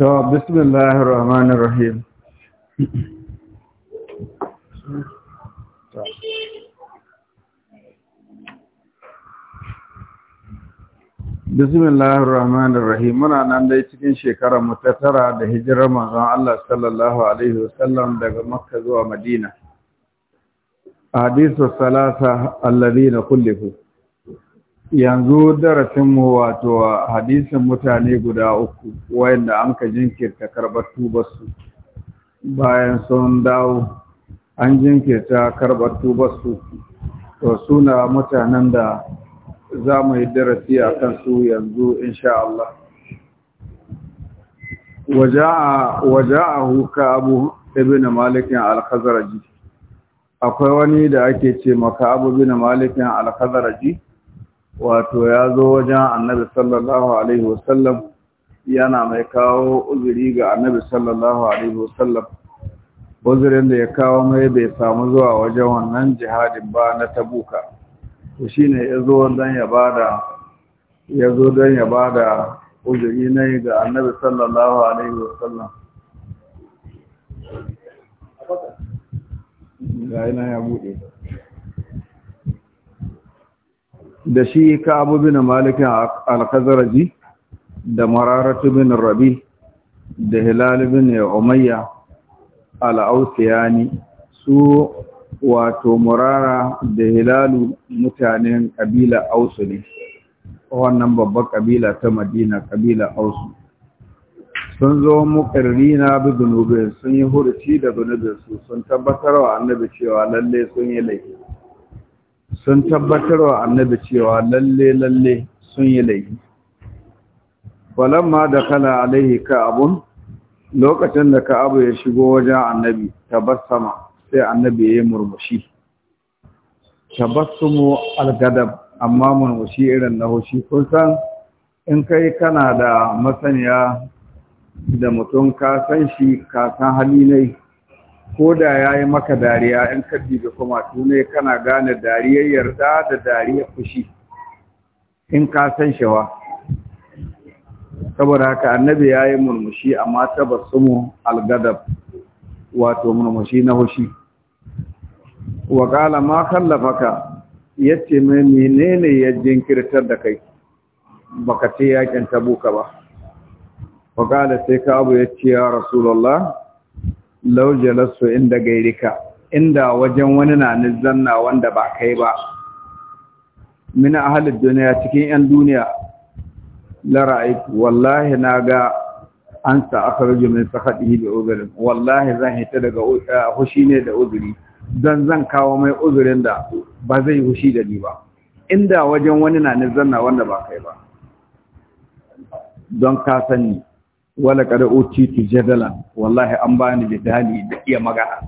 to bismillahir rahmanir rahim bismillahir rahmanir rahim muna nan dai cikin shekarar ta da hijira manzon Allah sallallahu alaihi wasallam daga makka zuwa madina hadithu salasa alladhina kullifu yanzu darasinmu wato hadisin mutane guda uku wayanda an ka jinkirta karɓar tubarsu bayan sun dawo an jinkirta karɓar tubarsu to suna mutanen da za mu yi darasi a kansu yanzu insha Allah a huka abu ibn malik al-khazraji akwai wani da ake ce maka abu ibn malik al-khazraji wato ya zo wajen annabi sallallahu alaihi wasallam yana mai kawo uzuri ga annabi sallallahu alaihi wasallam uzurin da ya kawo mai bai samu zuwa wajen wannan jihadin ba na tabuka to shine ya zo don ya bada ya zo don ya bada uzuri ne ga annabi sallallahu alaihi wasallam ga ina ya bude da shi ka'abu bin malikin al-khazraji da mararatu bin rabi da hilal bin umayya al su wato murara da hilalu mutanen kabila ausu ne wannan babbar kabila ta madina kabila ausu sun zo na bi zunubin sun yi hurci da zunubin sun tabbatar wa annabi cewa lalle sun yi laifi sun tabbatar wa annabi cewa lalle lalle sun yi laifi ma da kala alaihi abun, lokacin da ka abu ya shigo wajen annabi tabassama sai annabi ya yi murmushi tabassumu algadab amma murmushi irin na hushi kun san in kai kana da masaniya da mutum ka san shi ka san hali ne ko da ya yi maka dariya in bi da kuma tune kana gane dariyar yarda da dariyar fushi in ka san shawa saboda haka annabi ya yi murmushi amma tabassumu algadab wato murmushi na hushi wa kala ma khallafaka yace mai menene ya jinkirtar da kai baka ce yakin tabuka ba wa kala sai ka abu yace ya rasulullah law inda gairika inda wajen wani na zanna wanda ba kai ba min ahalid duniya cikin yan duniya la ra'aytu wallahi naga an sa rage min sakhatihi bi udhrin wallahi zan hita daga eh, hushi ne da uzuri dan zan kawo mai uzurin da ba zai hushi da ni ba inda wajen wani na zanna wanda ba kai ba don ka sani wala kada otitu jadala wallahi an bani bidali da iya magana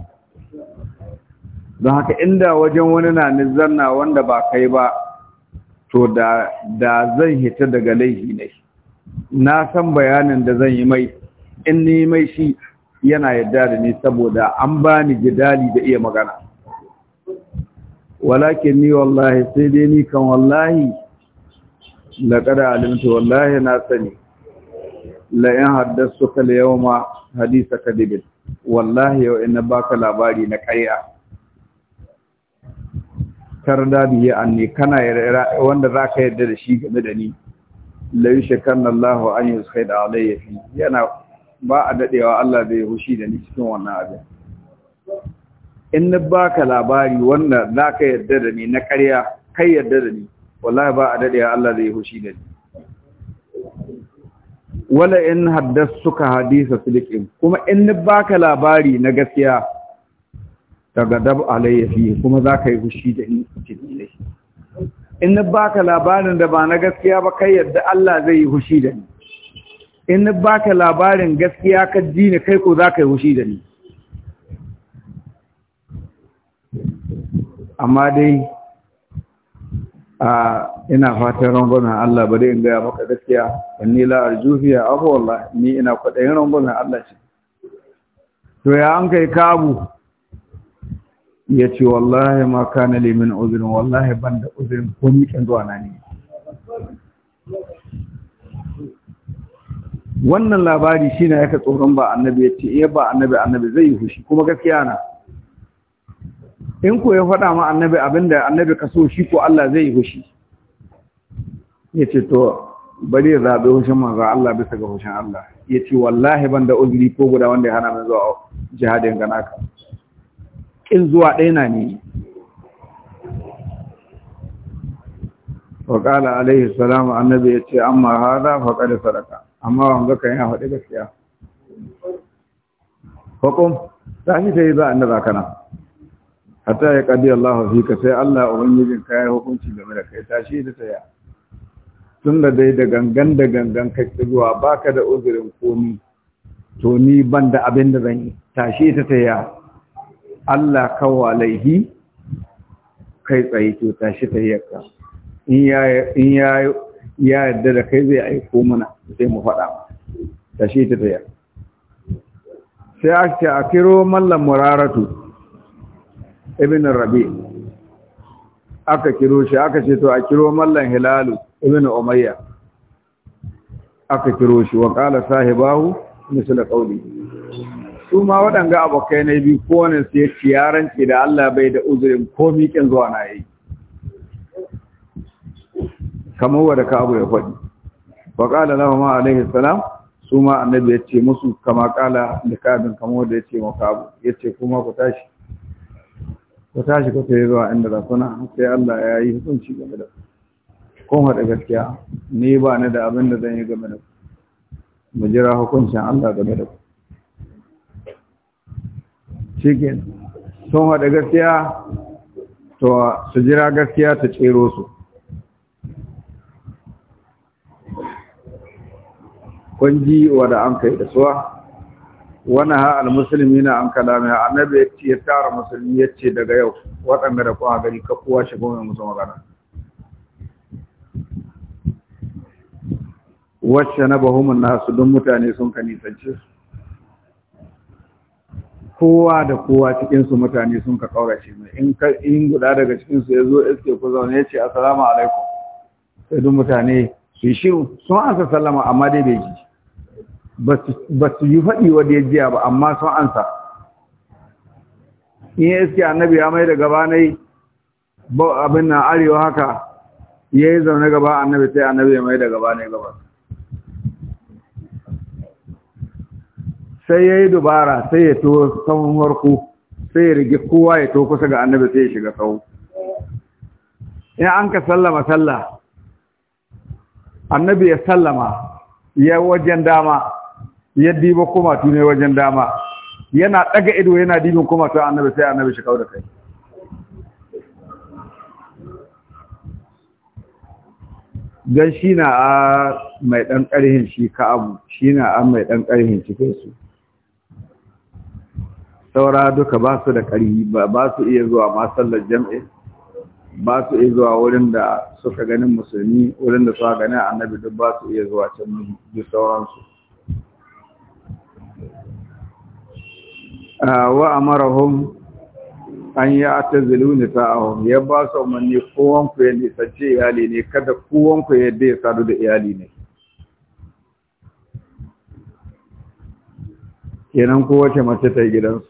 don haka inda wajen wani na nizarna wanda ba kai ba to da da zan hita daga laifi ne na san bayanin da zan yi mai in ni mai shi yana yadda da ni saboda an bani jidali da iya magana walakin ni wallahi sai dai ni kan wallahi laqad alimtu wallahi na sani in haddastuka al-yawma hadisa kadibin wallahi yau inna baka labari na ƙarya tarda biye anni kana wanda zaka yarda da shi game da ni la yushkanna Allahu an yuskhaida alayya fi yana ba a dadewa Allah zai hushi da ni cikin wannan abin inna baka labari wanda zaka yarda da ni na ƙarya kai yarda da ni wallahi ba a dadewa Allah zai hushi da ni wala in suka hadisa silikin. kuma in ni baka labari na gaskiya daga dab alayya kuma kuma ka yi hushi da ni cikin in ni baka labarin da ba na gaskiya ba kai yadda Allah zai yi hushi da ni in ni baka labarin gaskiya ka ji ni kai ko za ka yi hushi da ni amma dai ina fatan rangwamen Allah bari in gaya maka gaskiya inni la arjufiya abu wallahi ni ina kwaɗayin rangwamen Allah ce to ya an kai kabu ya ce wallahi ma kana li min uzrin wallahi ban da uzrin ko mikin zuwa na ne wannan labari shi shine yake tsoron ba annabi ya ce iya eh, ba annabi annabi zai yi fushi kuma gaskiya na in ko ya faɗa ma annabi abinda annabi ka so shi ko Allah zai yi hushi ya ce to bari ya zaɓi hushin manzo Allah bisa ga hushin Allah ya ce wallahi ban da uzuri ko guda wanda ya hana min zuwa jihadin gana ka in zuwa ɗaya na ne wa ƙala alaihi salamu annabi ya ce amma haza faƙa da sadaka amma wanga kan ya faɗi gaskiya hukum ta shi ta yi za a na zakana hatta ya kadi Allah fi ka sai Allah ubangijin ka ya hukunci game da kai tashi da tsaya tun da dai da gangan da gangan ka zuwa baka da uzurin komi to ni ban da abin da zan yi tashi ta tsaya Allah kawwa kai tsaye to tashi ta in ya in ya ya yarda da kai zai aiko mana sai mu faɗa tashi ta tsaya sai a akiro mallam muraratu ibn rabi aka kiro shi aka ce to a kiro mallan hilalu ibn umayya aka kiro shi wa kala sahibahu misal qawli su ma waɗanga abokai na biyu ne su ya ci yaranci da Allah bai da uzurin ko miƙin zuwa na yi kamar wadda ka abu ya faɗi wa kala lahu ma alaihi salam su ma annabi ya ce musu kama ƙala da kabin kamar wadda ya ce maka abu ya ce kuma ku tashi ku tashi ku sai zuwa inda za kuna sai Allah ya yi hukunci game da kun haɗa gaskiya ni ba ni da abin da zan yi game da ku mu jira hukuncin Allah game da ku shi sun haɗa gaskiya to su jira gaskiya ta tsero su kun ji wa da an kai da suwa wani ha almusulmi na an kalami annabi ya ce ya tara musulmi ya ce daga yau waɗanda da kuma gari ka kowa shiga mai musu magana wacce na bahumin nasu don mutane sun ka nisance kowa da kowa cikinsu mutane sun ka ƙaurace mai in guda daga cikinsu ya zo iske ku zaune ya ce assalamu alaikum sai duk mutane su yi shiru sun ansa sallama amma dai bai ji ba su yi faɗi wadda ya jiya ba amma sun ansa in ya iske annabi ya mai da gaba na yi abin na arewa haka ya yi zaune gaba annabi sai annabi ya mai da gaba na gaba sai ya yi dubara sai ya to saman warku, sai ya rigi kowa ya to kusa ga annabi sai ya shiga sau. in an ka sallama sallah annabi ya sallama ya wajen dama ya diba kumatu ne wajen dama yana daga ido yana dibin kumatu annabi sai annabi shi da kai dan shi na a mai dan karhin shi ka abu shi na a mai dan karhin cikin su saura duka ba su da karhi ba su iya zuwa ma sallar jam'i ba su iya zuwa wurin da suka ganin musulmi wurin da suka ganin annabi duk ba su iya zuwa can duk sauransu wa amarahum an ta yi atazilu nisa'ahum ya ba su umarni kowan kowanku ya nisance iyali ne kada kowanku ya yadda ya sadu da iyali ne kenan kowace mace ta yi gidansu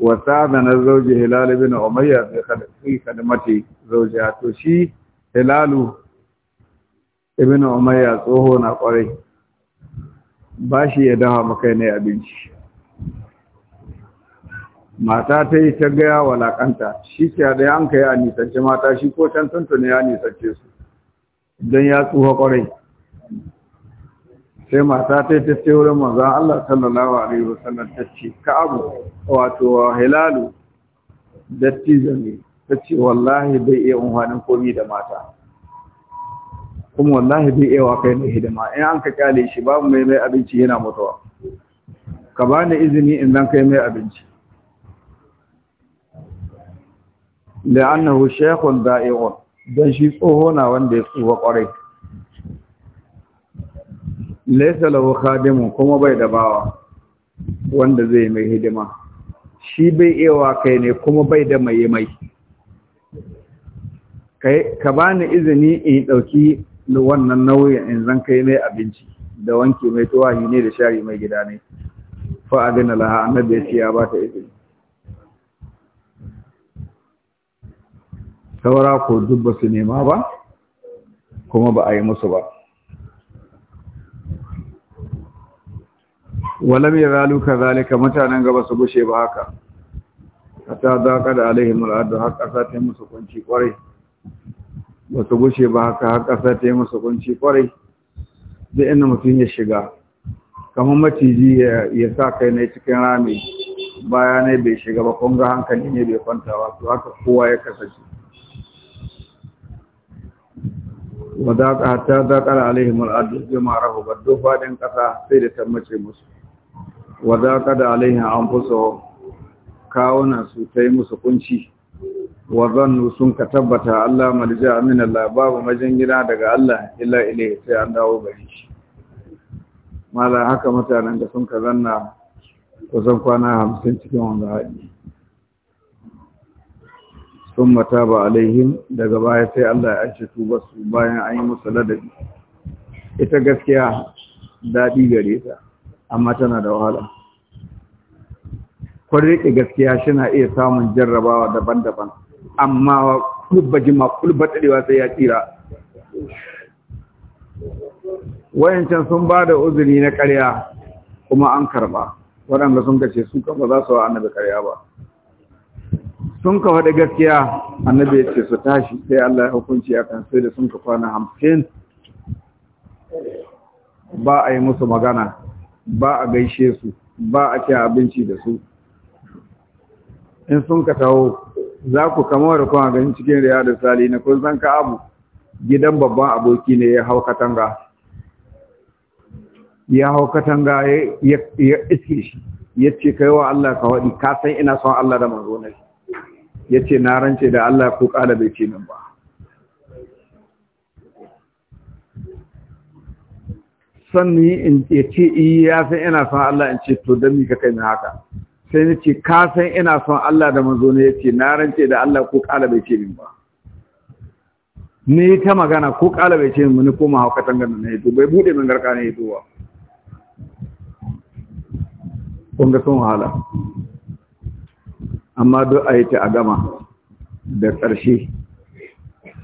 wata da na zauji hilalu bin umayya bai kada kadmati zauji to shi hilalu ibn umariya tsoho na kwarai ba shi ya dawa makai ne abinci mata ta yi ta gaya walakanta shi ke da an ka ya nisance mata shi ko can tuntun ya nisance su don ya tsuha kwarai sai mata ta yi ta ce wurin maza Allah sallallahu alaihi wasallam ta ce ka abu wato hilalu datti zane ta ce wallahi bai iya unhwanin komi da mata kuma wallahi bai iya kai mai hidima in an ka kyale shi babu mai mai abinci yana mutuwa ka ba ni izini in zan kai mai abinci la'annahu shaykhun da'i'un dan shi tsoho na wanda ya tsuwa kwarai laysa lahu khadimu kuma bai da bawa wanda zai mai hidima shi bai iya kai ne kuma bai da mai mai ka bani izini in dauki wannan nauyin in zan kai mai abinci da wanki mai tuwahi ne da shari mai gida ne fa'adina adina laha annabi ya ce ya ba ta izini saura ko duk su nema ba kuma ba a yi musu ba Wala walam raluka zalika mutanen gaba su gushe ba haka A ta zaƙa da alaihim al'adu har ta ta musu kunci kwarai ba su gushe ba haka har ƙasa ta yi masa kunci kwarai duk inda mutum ya shiga kamar maciji ya sa kai na cikin rami baya ne bai shiga ba kun ga hankali ne bai kwanta ba to haka kowa ya kasance wadaka ta zakar alaihim al'adu bima rahubat duk fadin kasa sai da tammace musu wadaka da an fuso kawunan su yi musu kunci wa zannu sun ka tabbata Allah malja min Allah babu gida daga Allah illa ilai sai an dawo gare shi mala haka mutanen da sun ka zanna kusan kwana hamsin cikin wanda haɗi sun mata ba alaihim daga baya sai Allah ya ashe tuba su bayan an yi musu ladabi ita gaskiya daɗi gare ta amma tana da wahala kun gaskiya shi na iya samun jarrabawa daban-daban amma kulubba jima kulubba tsadewa sai ya tsira wayancan sun ba da uzuri na karya kuma an karba waɗanda sun kace su kan ba za su wa annabi karya ba sun ka faɗi gaskiya annabi ya su tashi sai Allah ya hukunci a kan sai da sun ka kwana hamsin ba a yi musu magana ba a gaishe su ba a ci abinci da su in sun ka taho za ku kama da kuma ganin cikin riyadu sali na kun san ka abu gidan babban aboki ne ya hau katanga ya hau katanga ya iske shi ya ce kai wa Allah ka waɗi ka san ina son Allah da manzo ne ya ce na rance da Allah ko kada bai ce min ba sanni in ya ce iya eh, san ina son Allah in ce to don mi ka kai haka sai ni ce ka san ina son Allah da manzo ne yace na rance da Allah ko kala bai ce min ba ni ta magana ko kala bai ce min ni koma haukatan ganin ne to bai bude min garka ne to ba kun ga sun wahala amma duk a yi ta a gama da ƙarshe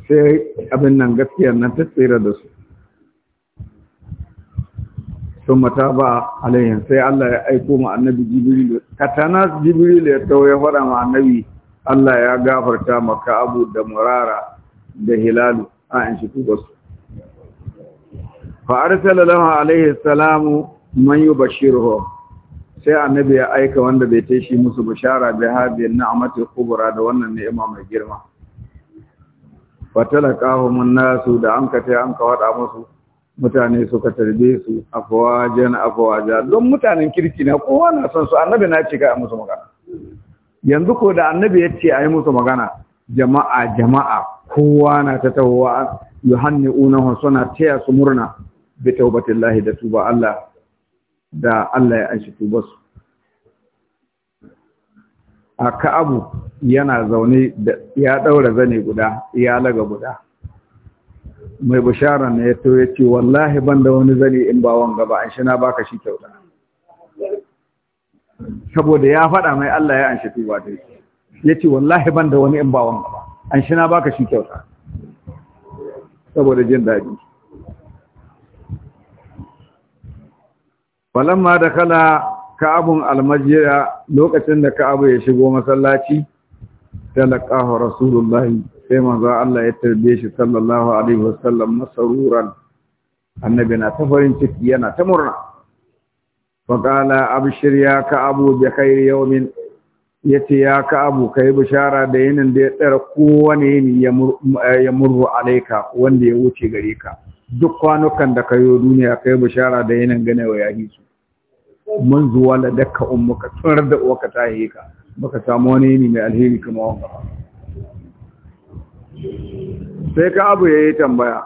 sai abin nan gaskiya nan ta tsira da su sun mata ba alayhin sai Allah ya aiko ma annabi jibrilu katana jibrilu ya tau ya faɗa ma annabi Allah ya gafarta maka abu da murara da hilalu a in shi tuba su fa arsala lahu alayhi salamu man yubashiruhu sai annabi ya aika wanda bai tai shi musu bishara na a mata kubura da wannan ni'ima mai girma fa talaqahu min nasu da an ka tai an ka wada musu mutane suka tarbe su afawajen afawaja don mutanen kirki na kowa na son su annabi na ce ga musu magana yanzu ko da annabi ya ce a yi musu magana jama'a jama'a kowa na ta tawowa yuhanni unahu suna taya su murna bi taubatillahi da tuba Allah da Allah ya anshi tuba su a abu yana zaune ya daura zane guda ya laga guda mai bishara ne ya to ya ce wallahi ban da wani zane in ba wanga ba an shi na baka shi kyauta saboda ya faɗa mai Allah ya an shi tuba ta ya ce wallahi ban da wani in ba wanga ba an shi na baka shi kyauta saboda jin daɗi falamma da kala ka'abun almajiya lokacin da ka'abu ya shigo masallaci talaqahu rasulullahi sai manzo Allah ya tarbe shi sallallahu alaihi wasallam masaruran annabi na ta farin ciki yana ta murna faqala abshir ya ka abu bi khair yawmin yace ya ka abu kai bishara da yinin da ya tsara kowane yini ya murru alaika wanda ya wuce gare ka duk kwanukan da kayo duniya kai bishara da yinin gane wa yahi su mun zuwa da dakka ummuka tun da uwaka ta yi ka baka samu wani yini mai alheri kamar ba. sai ka abu ya yi tambaya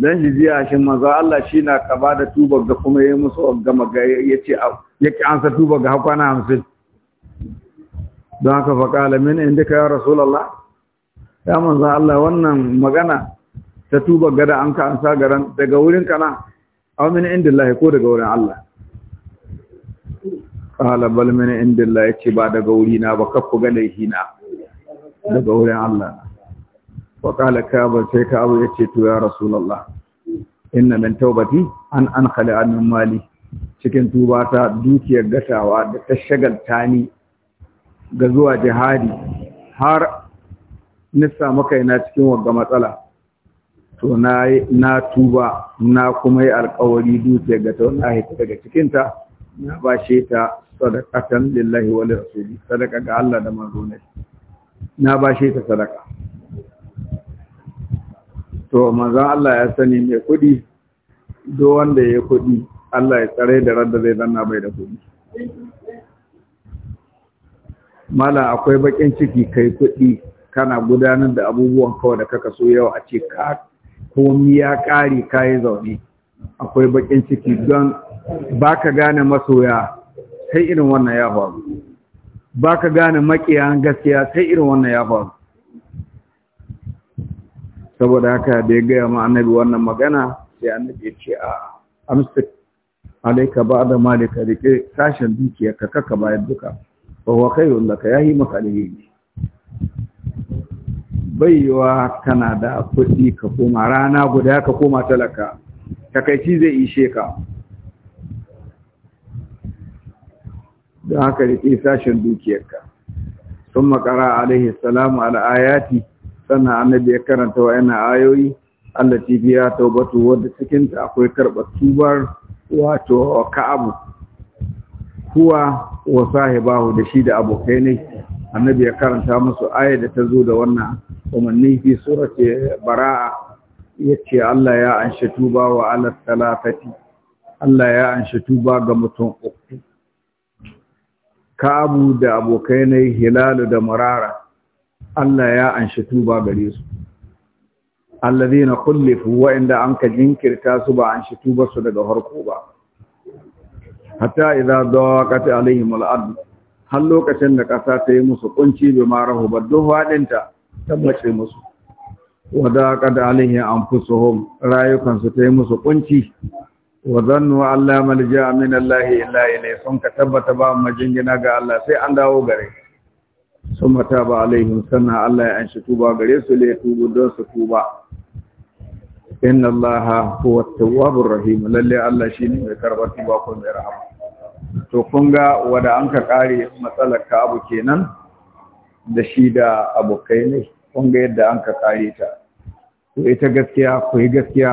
don shi jiya shi maza Allah shi na kaba da tubar da kuma ya yi musu gama ga ya ce ya ki ansa tubar ga na hamsin don haka faƙa alamin inda ka ya lalla ya maza Allah wannan magana ta tubar gada an ka ansa garan daga wurin kana na? min inda Allah ko daga wurin Allah ƙala bal inda Allah ya ce ba daga wuri na ba kakku ga laihina daga wurin Allah wa qala ba sai ya ce to ya rasulullah inna min taubati an an khali an mali cikin tuba ta dukiyar gatawa da ta shagalta ni ga zuwa jihadi har nisa maka ina cikin wagga matsala to na na tuba na kuma yi alƙawari dukiyar gatawa na haita daga cikinta na bashe ta sadaqatan lillahi wa li rasuli ga Allah da manzo ne na bashe ta sadaka. to manzon Allah ya sani mai kuɗi do wanda ya kuɗi Allah ya tsare da radda zai zanna bai da kuɗi mala akwai bakin ciki kai kuɗi kana gudanar da abubuwan kawai da kaka so yau a ce ka komi ya kare kayi zaune akwai bakin ciki don ba gane masoya sai irin wannan ya faru ba gane makiyan gaskiya sai irin wannan ya faru saboda haka da ya gaya ma annabi wannan magana sai annabi ya ce a amsa alaika ba da malika rike sashen dukiya ka kaka bayan duka ba wa kai wanda ka yahi maka alheri baiwa kana da kuɗi ka koma rana guda ka koma talaka takaici zai ishe ka da haka rike sashen dukiyarka sun makara alaihi salamu al'ayati sannan annabi ya karanta yana ayoyi allati biya taubatu wadda cikin ta akwai karɓar tubar wato ka'abu Kuwa wa sahibahu da shi da abokai ne annabi ya karanta musu aya da ta zo da wannan umarni fi surati bara'a yace Allah ya anshi tuba wa ala salatati Allah ya anshi tuba ga mutum uku Ka'abu da abokai ne Hilalu da Murara Allah ya anshi tuba gare su allazina kullifu wa'inda anka jinkirta su ba an shi tuba su daga harko ba hatta idza daqat alaihim al-ard har lokacin da kasa ta yi musu kunci bi ma rahuba duhwadinta tabbace musu wa daqat alaihim anfusuhum rayukan su ta yi musu kunci wa zannu alla malja'a min allahi illa sun ka tabbata ba majingina ga Allah sai an dawo gare shi sun mata ba alaihim sannan Allah ya an shi tuba gare su le tubu don su tuba inna Allah huwa tawwabur rahim lalle Allah shine mai karbar tuba ko mai rahama to kun ga wanda an ka kare matsalar ka abu kenan da shi da abokai ne kun ga yadda an ka kare ta to ita gaskiya ku yi gaskiya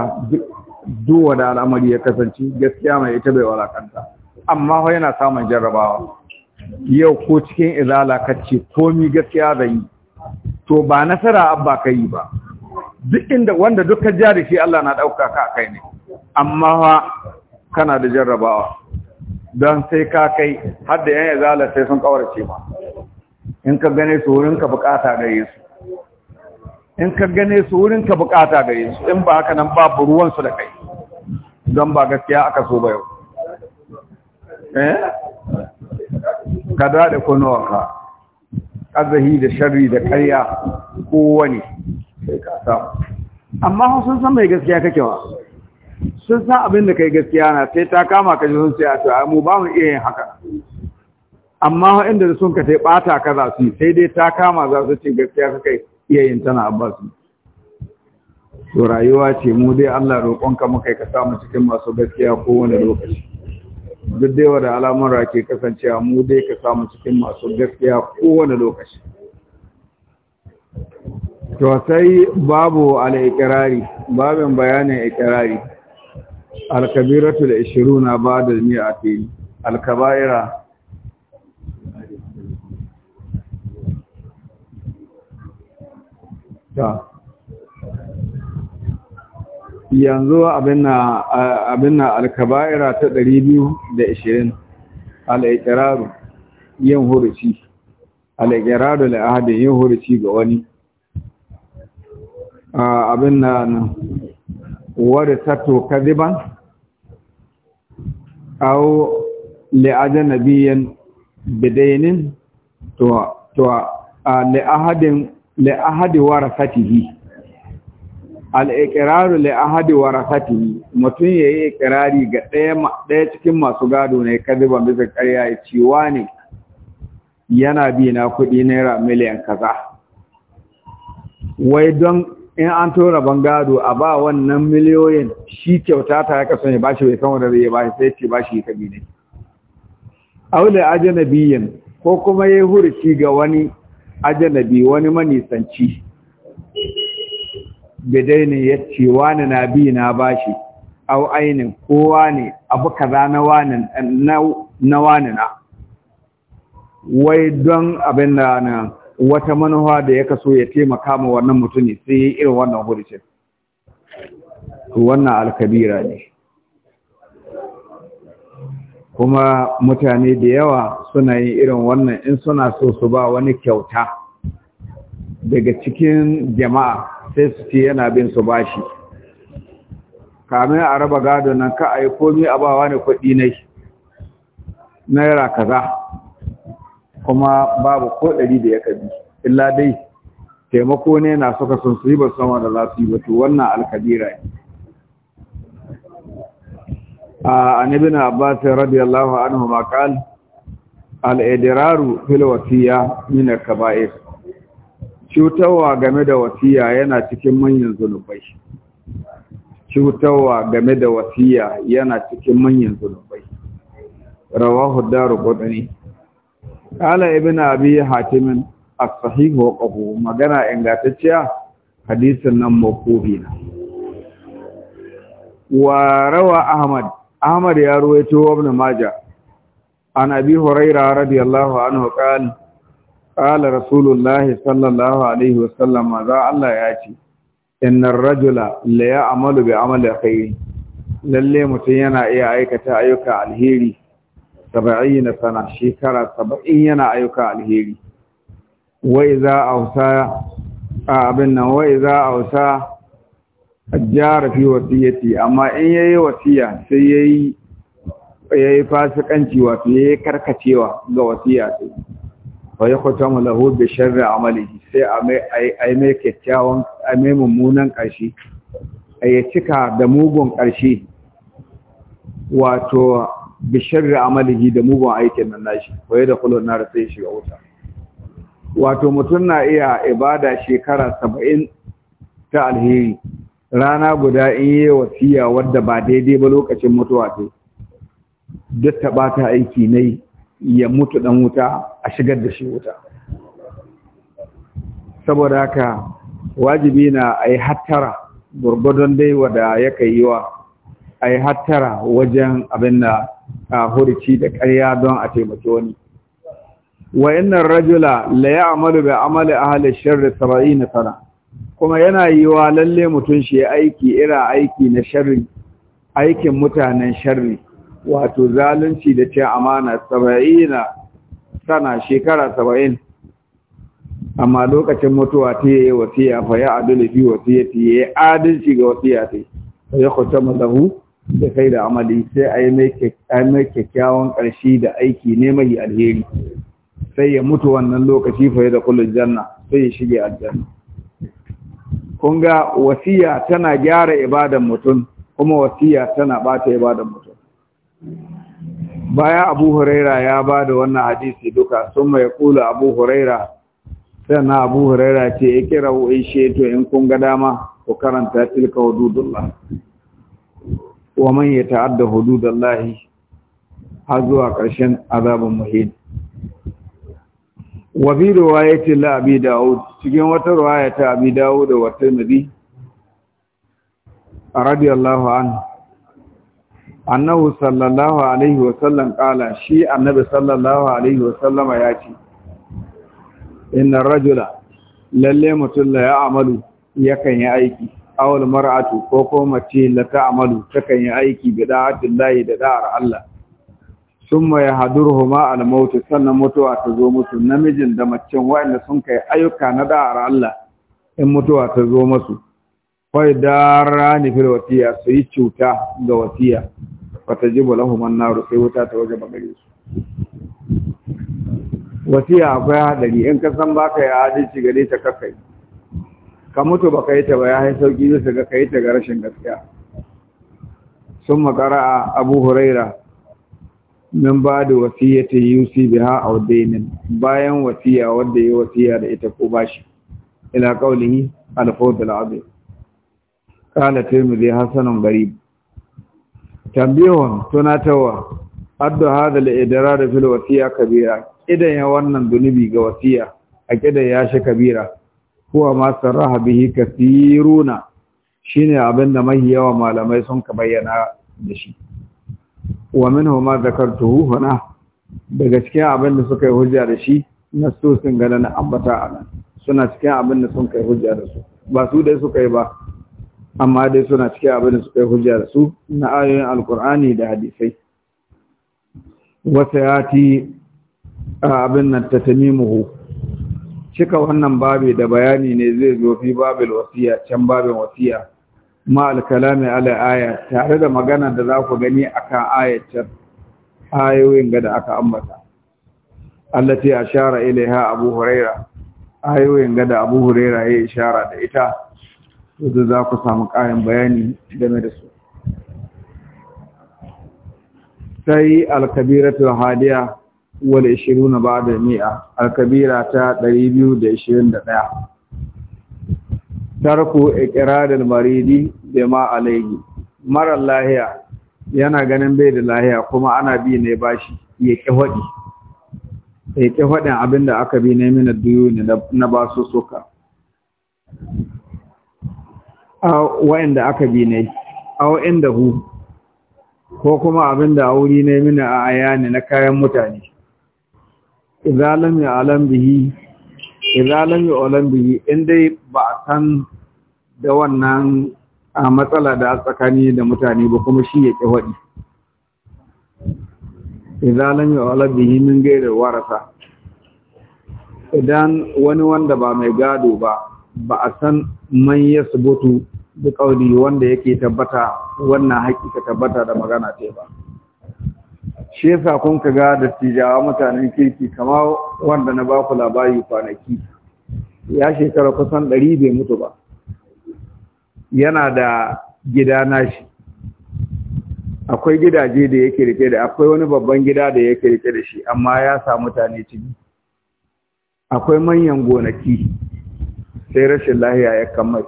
duk wanda al'amari ya kasance gaskiya mai ita bai walakanta amma yana samun jarrabawa yau ko cikin izala ce komi gaskiya zai to ba nasara abba ka yi ba duk inda wanda duka ja da shi Allah na dauka ka kai ne amma kana da jarrabawa don sai ka kai har da yan izala sai sun kawarce ma in ka gane su wurin ka bukata ga Yesu in ka gane su wurin ka bukata ga Yesu in ba haka nan babu ruwan su da kai don ba gaskiya aka so ba yau eh ka daɗe kunuwanka ƙazahi da sharri da ƙarya kowane sai ka samu amma sun san mai gaskiya kake wa sun san abin da kai gaskiya na sai ta kama ka ji sun sai a cewa mu ba mu iya yin haka amma inda sun ka sai bata ka za su sai dai ta kama za su ce gaskiya ka kai iya yin tana abbas to rayuwa ce mu dai Allah roƙonka mu kai ka samu cikin masu gaskiya kowane lokaci duk da wada al'amura ke kasancewa mu dai ka samu cikin masu gaskiya kowane lokaci to sai babu al'ikirari babin bayanin ikirari alkabiratul 20 ba'da al-mi'ati alkabaira ta yanzu abin na alkaba'ira ta 220 al'ikiraru yin huruci al'ikiraru la'adin yin huruci ga wani abin na wadda ta toka ziban au la'ajen nabiyan bidainin to a la'ahadin warasatihi al'ikiraru le ahadi wa rasatihi mutum ya yi ikirari ga ɗaya cikin masu gado ne kaziban bisa ƙarya ya wa ne yana bi na kuɗi naira miliyan kaza wai don in an tora gado a ba wannan miliyoyin shi kyauta ta ya kasance ba shi bai san wanda zai ba shi sai ce ba shi ne aule ajanabiyin ko kuma ya yi hurci ga wani ajanabi wani manisanci bidaini ya ce wani na bi na bashi au ainin kowa ne abu kaza na wani na wani na wai don abin da na wata manuwa da ya kaso ya taimaka ma wannan ne sai ya irin wannan hurcin wannan alkabira ne kuma mutane da yawa suna yin irin wannan in suna so su ba wani kyauta daga cikin jama'a sai su ce yana bin su bashi kamar a raba gado nan ka a yi komi a bawa ne kuɗi na naira kaza kuma babu ko ɗari da ya kabi illa dai taimako ne na suka sun su yi ba sama da za su yi ba to wannan alkadira ne a ibn abbas radiyallahu anhu ma qala al-idraru fil wasiya min al-kaba'ir cutarwa game da wasiya yana cikin manyan zunubai cutarwa game da wasiya yana cikin manyan zunubai rawahu daru qudani qala ibn abi hatim as-sahih wa qahu magana ingantacciya hadisin nan mawqufi na wa rawa ahmad ahmad ya ruwaito ibn majah an abi hurairah radiyallahu anhu qala ƙala rasulullahi sallallahu alaihi wasallam maza Allah ya ce innar rajula la ya'malu bi amali khairi lalle mutum yana iya aikata ayyuka alheri na sana shekara saba'in yana ayyuka alheri wa abin nan wa idza awsa ajjara fi wasiyati amma in yayi wasiya sai yayi yayi fasikanci wato yayi karkacewa ga wasiya sai Wa ya kwata mu lahu bi sharri amalihi sai a mai ai mai kyakkyawan ai mai mummunan ƙarshe ya cika da mugun ƙarshe wato bi sharri amalihi da mugun aikin nan nashi fa ya dakhulu nar sai shiga wuta wato mutum na iya ibada shekara 70 ta alheri rana guda in yi wasiya wadda ba daidai ba lokacin mutuwa ce duk ta bata aiki ne ya mutu dan wuta a shigar da shi wuta saboda haka wajibi na a yi hattara gurgudun dai wada ya yi wa a yi hattara wajen abin da hurici da karya don a taimaki wani wa innan rajula la amalu bai amali shirri saba'i na sana kuma yana yi wa lalle mutum shi aiki ira aiki na sharri aikin mutanen sharri wato zalunci da ce amana na sana shekara saba'in amma lokacin mutuwa ta yi wasiya fa ya adala fi wasiya ta yi adalci ga wasiya ta yi ya kwata mazahu da sai da amali sai a yi mai kyakkyawan ƙarshe da aiki ne mai alheri sai ya mutu wannan lokaci fa ya da kullum janna sai ya shige aljanna kun ga wasiya tana gyara ibadan mutum kuma wasiya tana bata ibadan mutum baya abu huraira ya ba da wannan hadisi duka sun mai kula abu huraira sannan abu huraira ce ya kira in sheto in kun ga dama ku karanta tilka hududullah wa man ya ta'adda hududallahi har zuwa ƙarshen azabin muhid wa bi riwayati la abi daud cikin wata riwaya ta abi daud da wata nabi radiyallahu anhu annahu sallallahu alaihi wasallam kala shi annabi sallallahu alaihi wasallam ya ce inna rajula lalle mutum la ya amalu yakan yi aiki awal mar'atu ko ko mace la ta amalu takan yi aiki bi da'atillahi da da'ar Allah summa ma al-maut sannan mutuwa ta zo musu namijin da mace wa'anda sun kai ayyuka na da'ar Allah in mutuwa ta zo musu fai darani fil wasiya su yi cuta ga wasiya fata jibu lahuman naru sai wuta ta waje bagare su wasiya akwai hadari in ka san baka ya adalci gare ta kakai ka mutu ba ka yi ta ba ya hai sauki zai ga kai ta ga rashin gaskiya sun makara a abu huraira min ba da wasiyyata yusi biha audainin bayan wasiya wanda ya wasiya da ita ko bashi ila qaulihi da fawd al-azim qala tirmidhi hasanun gharib tambihun tunatawa addu hada al-idrar fil wasiya kabira idan ya wannan zunubi ga wasiya a kidan ya shi kabira huwa ma sarraha bihi kathiruna shine abinda mai yawa malamai sun ka bayyana da shi wa minhu ma zakartuhu hana, daga cikin abinda suka yi hujja da shi sun ga na ambata anan suna cikin abinda sun kai hujja da su ba su dai suka yi ba amma dai suna cikin abin da suka yi hujja da su na ayoyin alkur'ani da hadisai wasa ya ti abin nan ta muhu cika wannan babi da bayani ne zai zo fi babin wasiya can babin wasiya ma alkalami ala aya tare da magana da za ku gani akan ayyacin ayoyin ga da aka ambata allati ashara ilaiha abu huraira ayoyin ga da abu huraira ya ishara da ita da za ku samu ƙarin bayani game da su sai ta hadiya wal 20 da mi'a alkabira ta 221 tarku iqrarul maridi bima alayhi marar lahiya yana ganin bai da lahiya kuma ana bi ne bashi ya ƙi hodi ya ki hodin abinda aka bi ne mina duyu ne na basu suka wa'anda aka bi ne aw inda hu ko kuma abinda auri ne mini a ayani na kayan mutane idza lam ya'lam bihi idza lam ya'lam bihi ba san da wannan a matsala da tsakani da mutane ba kuma shi ya ki wadi idza lam ya'lam bihi min gairi warasa idan wani wanda ba mai gado ba ba a san man ya sabotu da kauli wanda yake tabbata wannan hakika tabbata da magana ce ba shi ya yasa kun ga da tijawa mutanen kirki kama wanda na ba ku labari kwanaki ya shekara kusan ɗari bai mutu ba yana da gida nashi akwai gidaje da yake rike da akwai wani babban gida da yake rike da shi amma ya sa mutane ciki akwai manyan gonaki sai rashin lahiya ya kammai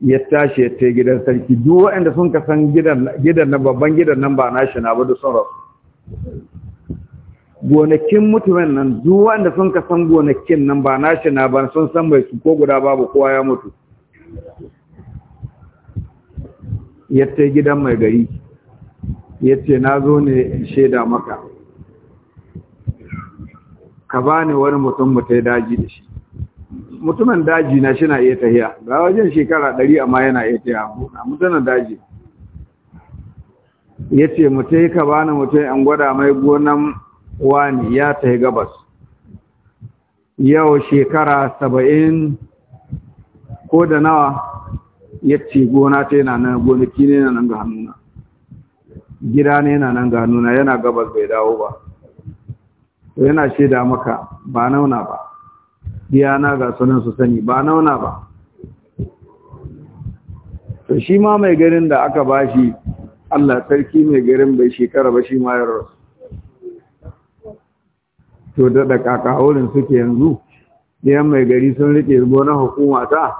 ya tashi ya ta gidan sarki duk waɗanda sun ka san gidan na babban gidan nan ba nashi na ba da sun rasu gonakin mutumin nan duk waɗanda sun ka san gonakin nan ba nashi na ba sun san mai su ko guda babu kowa ya mutu ya ta gidan mai gari ya ce na zo ne shaida maka ka ba ni wani mutum mutai daji da shi mutumin daji na shi na iya tahiya ga wajen shekara ɗari amma yana iya tahiya gona mutumin daji ya ce mutai ka bani mutum yan gwada mai gonan wani ya tahi gabas yau shekara saba'in ko da nawa ya ce gona ta yana nan gonaki ne nan ga hannuna gida ne yana nan ga hannuna yana gabas bai dawo ba yana shaida maka ba nauna ba diyana ga sunan su sani ba nauna ba to shi ma mai garin da aka bashi Allah sarki mai garin bai shekara ba shi ma to da da kakawolin suke yanzu diyan mai gari sun rike gonar hukuma ta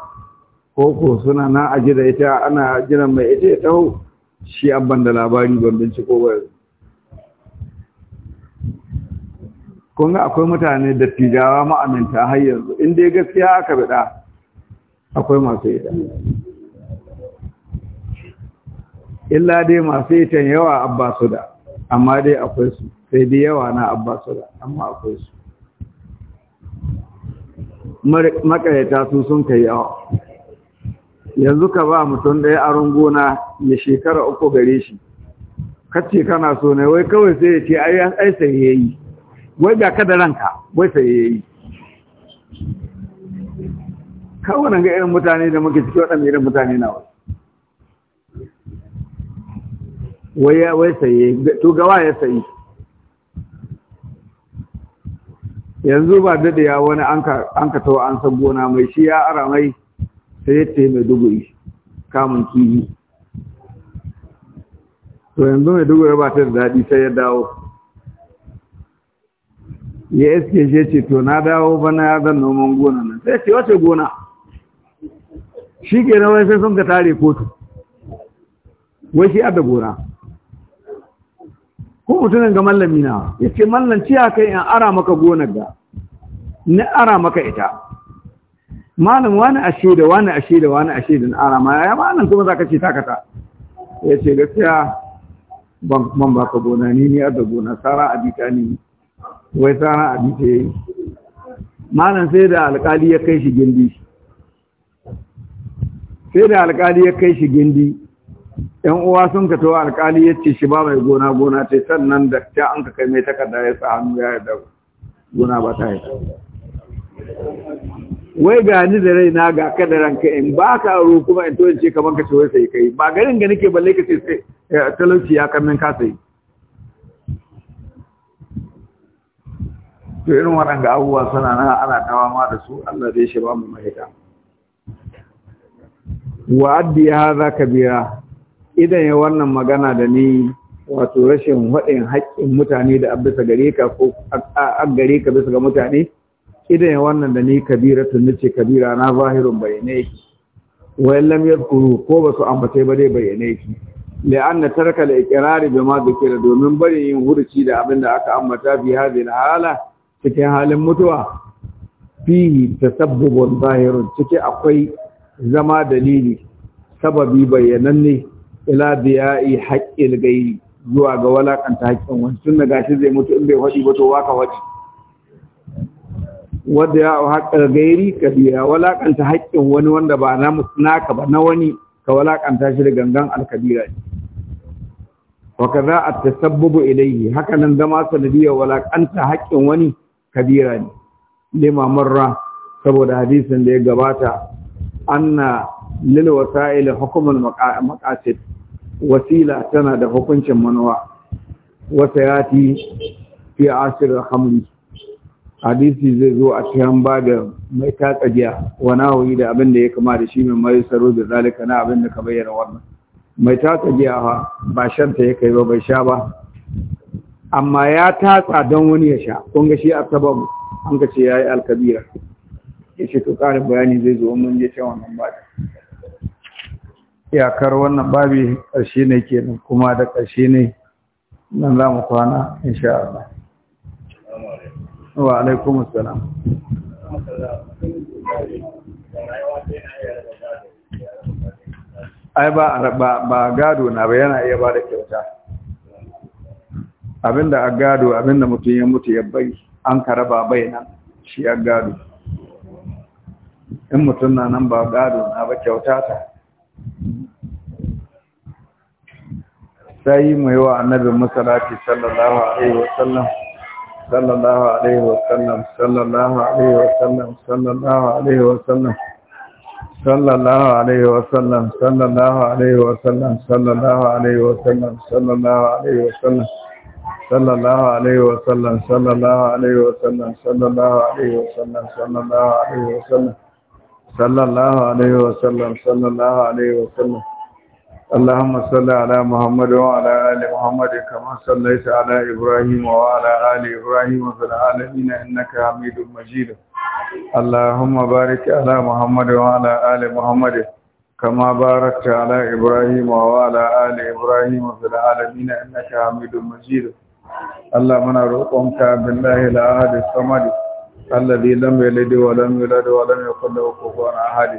ko suna na aji da ita ana jiran mai ita ya taho shi abban da labari ban binciko ba kun ga akwai mutane da tijawa ma'aminta har yanzu in dai gaskiya aka bada akwai masu ita illa dai masu ita yawa abba su da amma dai akwai su sai dai yawa na abba su da amma akwai su makayata su sun kai yawa yanzu ka ba mutum ɗaya aron gona mai shekara uku gare shi kace kana so ne wai kawai sai ya ce ai sai yayi wai ga ka da ranka wai sai yayi kawo ga irin mutane da muke ciki waɗanda irin mutane na wasu wai wai saye to gawa ya sayi yanzu ba dade ya wani an ka tawa an san gona mai shi ya ara mai sai ya ce mai duguri kamun kihi to yanzu mai ya ba ta da daɗi sai ya dawo ya iske shi ce to na dawo bana ya zan noman gona nan sai ce wace gona shi ke wai sai sun ka tare kotu wai shi adda gona ko mutumin ga mallami na ya ce mallan ciya kai in ara maka gonar da. ni ara maka ita malam wani ashe da wani ashe da wani ashe da ara ma ya malam kuma zaka ce takata ya ce gaskiya ban ba ka gona ni ni adda gona sara abita ni wai tsara abinci ya yi malam sai da alkali ya kai shi gindi sai da alkali ya kai shi gindi yan uwa sun ka towa alkali ya ce shi ba mai gona gona ce sannan da ta an ka kai mai takarda ya sa hannu ya yarda gona ba ta yi. wai ga ni da na ga ka da ranka in ba ka aro kuma in to in ce kamar ka ce wai sai kai ba garin ga nake balle ka ce eh, talauci ya kamin ka sai to irin waɗanda abubuwa suna na ana tawa ma da su Allah zai shi ba mu mahita wa addi ka kabira idan ya wannan magana da ni wato rashin haɗin haƙƙin mutane da abisa gare ka ko a gare ka bisa ga mutane idan ya wannan da ni kabira tun nace kabira na zahirun bayyane ki wa lam yadhkuru ko ba su ambace ba dai bayyane ki anna taraka al-iqrar bima dhukira domin bari yin hurci da abin da aka ambata bi hadhihi hala cikin halin mutuwa ta tasabbubun zahirun ciki akwai zama dalili sababi bayyananne ila biya'i haƙƙin gairi zuwa ga walakanta haƙƙin wani tun da gashi zai mutu in bai haɗi ba to waka haɗi. wanda ya haƙƙin gairi ka biya walakanta haƙƙin wani wanda ba na naka ba na wani ka walakanta shi da gangan alkabira ne wa kaza at-tasabbubu ilayhi haka nan zama sanadiyar walakanta haƙƙin wani kabira ne lima marra saboda hadisin da ya gabata anna lil wasa'il hukumul maqasid wasila tana da hukuncin manowa. wata yati fi asir hamli hadisi zai zo a cikin babin mai tatsagiya wa wuyi da abin da ya kama da shi mai mai saro da zalika na abin da ka bayyana wannan mai tatsagiya ba shanta ya kai ba bai sha ba amma ya tatsa don wani ya sha kun ga shi asabab an ka ce yi alkabira ce to ƙarin bayani zai zo mun je shan wannan ba iyakar wannan babi ƙarshe ne kenan kuma da ƙarshe ne nan za mu kwana sha Allah wa alaikum assalam ai ba ba gado na ba yana iya ba da kyauta abinda a gado abinda mutum ya mutu ya bari an karaba bai nan, shi a gado in mutum na nan ba gado na ba kyauta ta sai mu yi wa annabin masalati sallallahu alaihi wasallam sallallahu alaihi wasallam sallallahu alaihi wasallam sallallahu alaihi wasallam sallallahu alaihi wasallam sallallahu alaihi wasallam sallallahu alaihi wasallam sallallahu alaihi wasallam صلى الله عليه وسلم صلى الله عليه وسلم صلى الله عليه وسلم صلى الله عليه وسلم صلى الله عليه وسلم صلى الله عليه وسلم اللهم صل على محمد وعلى ال محمد كما صليت على ابراهيم وعلى ال ابراهيم في العالمين انك حميد مجيد اللهم بارك على محمد وعلى ال محمد كما باركت على ابراهيم وعلى ال ابراهيم في العالمين انك حميد مجيد Allah muna roƙonka billahi samadi, Allah as-samad alladhi lam yalid wa lam yulad wa lam yakul lahu na ahad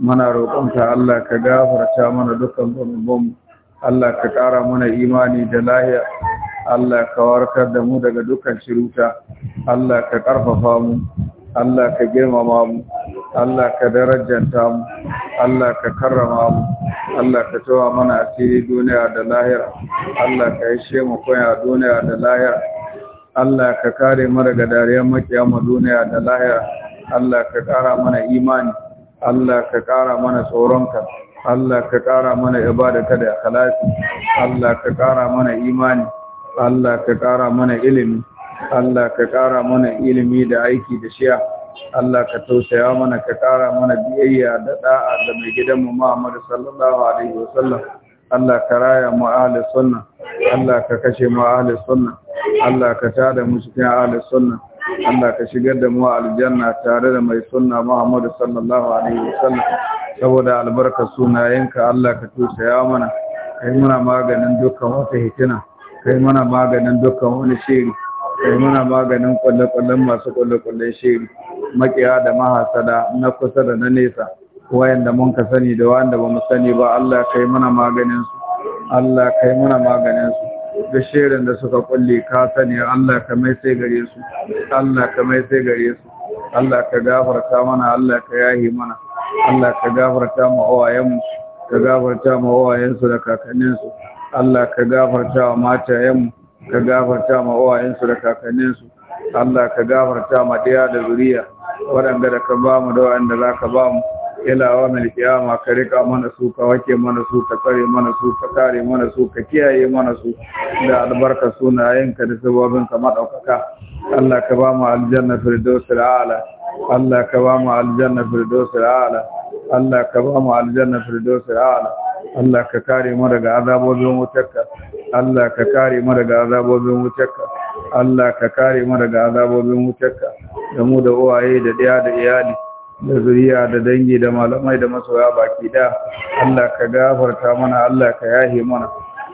muna roƙonka Allah ka gafarta mana dukkan zunubanmu Allah ka ƙara mana imani da lahiya Allah ka warkar da mu daga dukkan shiruta Allah ka ƙarfafa mu Allah ka girmama mu Allah ka darajanta mu Allah ka karrama mu Allah ka tawa mana asiri duniya da lahira Allah ka yashe mu koya duniya da lahira Allah ka kare mu daga dariyar makiyama duniya da lahira Allah ka kara mana imani Allah ka kara mana tsoronka Allah ka ƙara mana ibada ta da khalasi Allah ka ƙara mana imani Allah ka ƙara mana ilimi Allah ka ƙara mana ilimi da aiki da shiya Allah ka tausaya mana ka kara mana biyayya da da'a ga mai gidanmu Muhammad sallallahu alaihi wasallam Allah ka raya mu ahli sunna Allah ka kashe mu ahli sunna Allah ka tada mu cikin ahli sunna Allah ka shigar da mu aljanna tare da mai sunna Muhammad sallallahu alaihi wasallam saboda albarka sunayenka Allah ka tausaya mana kai muna maganin dukkan wata hikima kai mana maganin dukkan wani shiri kai muna maganin kwalle-kwallen masu kwalle-kwallen shiri makiya da mahasada na kusa da na nesa wayanda mun ka sani da wanda ba mu sani ba Allah kai muna maganin su Allah kai muna maganin su da shirin da suka kulle ka sani Allah ka mai sai gare su Allah ka mai sai gare su Allah ka gafarta mana Allah ka yahi mana Allah ka gafarta mu hawayen mu ka gafarta mu hawayen su da kakannin su Allah ka gafarta wa matayen mu ka gafarta mu hawayen su da kakannin su Allah ka gafarta ma ɗaya da zuriya waɗanda da ka ba mu da waɗanda za ka ba mu ilawa mai kiyama ka rika mana su ka wake mana su ka tsare mana su ka kare mana su ka kiyaye mana su da albarka yanka da sababin ka madaukaka Allah ka ba mu aljanna firdaus ala Allah ka ba mu aljanna firdaus ala Allah ka ba mu aljanna firdaus ala Allah ka kare mu daga azabobin wutarka Allah ka kare mu daga azabobin wutarka Allah ka kare mu daga azabobin wutarka da mu da uwaye da daya da iyali da zuriya da dangi da malamai da masoya baki da Allah ka gafarta mana Allah ka yahe mana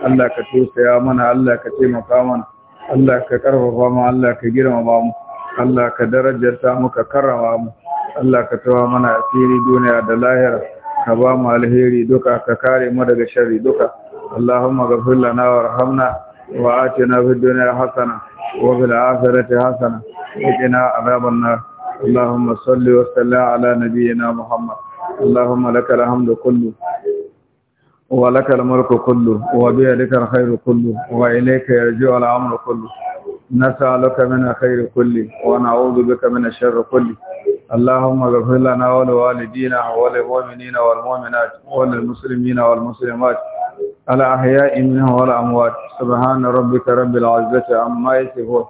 Allah ka tusaya mana Allah ka taimaka mana Allah ka karfafa mu Allah ka girmama mu Allah ka darajarta mu ka karrama mu Allah ka tawa mana asiri duniya da lahira ka ba mu alheri duka ka kare mu daga sharri duka اللهم اغفر لنا وارحمنا وآتنا في الدنيا حسنه وفي الآخرة حسنة وقنا عذاب النار اللهم صل وسلم على نبينا محمد اللهم لك الحمد كله ولك الملك كله وبيدك الخير كله وإليك يرجع الأمر كله نسألك من خير كله ونعوذ بك من الشر كله اللهم اغفر لنا ولوالدينا وللمؤمنين والمؤمنات وللمسلمين والمسلمات الأحياء منه والأموات سبحان ربك رب العزة عما يصفون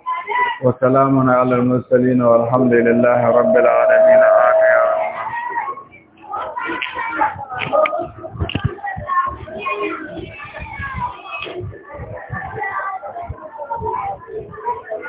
وسلام على المرسلين والحمد لله رب العالمين آمين